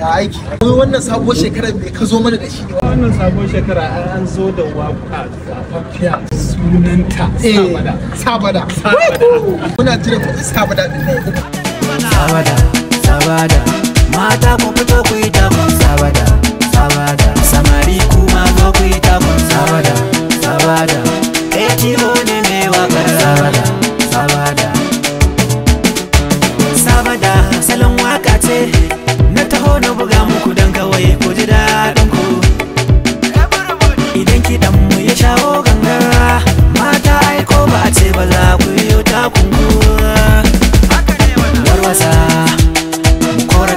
Da aiki wannan sabuwar shekarar me ka zo mana da shi wannan sabuwar shekara an zo da waka zafafiya sunanta eh, sabada sabada muna jira ku sabada din ne sabada sabada mata ku fito ku yi takun sabada sabada samari kuma zo ku yi takun sabada sabada ATO ne mai wakar sabada sabada sabada mu ya shawo gangara mata aiko ba a ce ba za ku yi ta kungura warwasa mu kora